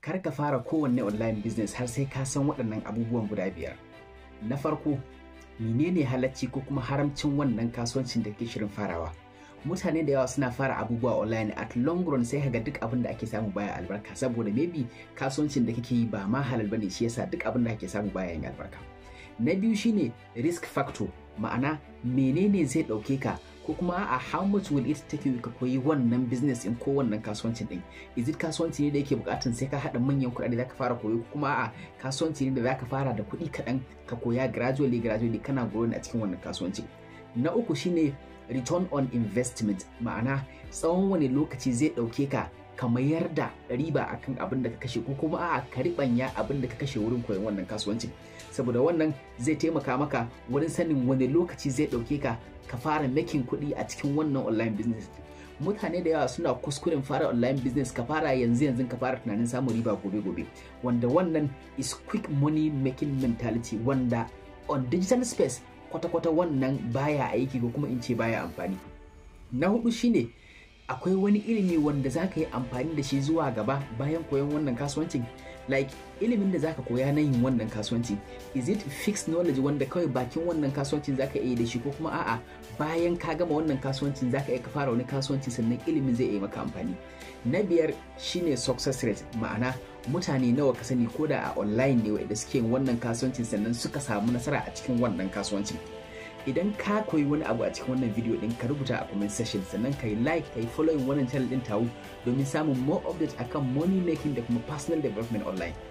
kar ka fara kowanne online business har sai ka san waɗannan abubuwan guda biyar. Na farko, menene halacci ko kuma haramcin wannan kasuwancin da ke shirin farawa? Mutane da yawa suna fara abubuwa online at long run sai kaga duk abin da ake samu baya albarka saboda maybe kasuwancin da kake yi ba ma halal bane shi yasa duk abin da ake samu baya yin albarka. Na biyu shine risk factor ma'ana menene zai ɗauke ka ko kuma a how much will it take you ka koyi wannan business in ko wannan kasuwancin din is it kasuwanci ne da yake bukatun sai ka hada manyan kuɗaɗe zaka fara koyo ko kuma a kasuwanci ne da zaka fara da kuɗi kaɗan ka koya gradually gradually kana growing a cikin wannan kasuwanci? na uku shine return on investment ma'ana tsawon wani lokaci zai ɗauke ka ka mayar da riba akan abin da ka kashe ko kuma a ka riɓanya abin da ka kashe wurin koyon wannan kasuwanci saboda wannan zai taimaka maka wurin sanin wani lokaci zai ɗauke ka ka fara makin kuɗi a cikin wannan online business mutane da yawa suna kuskuren fara online business ka fara yanzu yanzu ka fara tunanin samun riba gobe gobe wanda wannan is quick money making mentality wanda on digital space kwata-kwata wannan baya aiki ko kuma in ce baya amfani na hudu shine akwai wani ilimi wanda za ka yi amfani da shi zuwa gaba bayan koyon wannan kasuwancin like ilimin da za ka koya na yin wannan kasuwanci is it fixed knowledge wanda kawai bakin wannan kasuwancin za ka iya da shi ko kuma a'a bayan ka gama wannan kasuwancin za ka iya ka fara wani kasuwanci sannan ilimin zai iya maka amfani na biyar shine success rate ma'ana mutane nawa ka sani ko da a online ne wa'anda suke wannan kasuwancin sannan suka samu nasara a cikin wannan kasuwancin idan ka koyi wani abu a cikin wannan video din ka rubuta a comment section sannan ka yi like ka yi following wannan channel din tawo domin samun more updates akan money making da kuma personal development online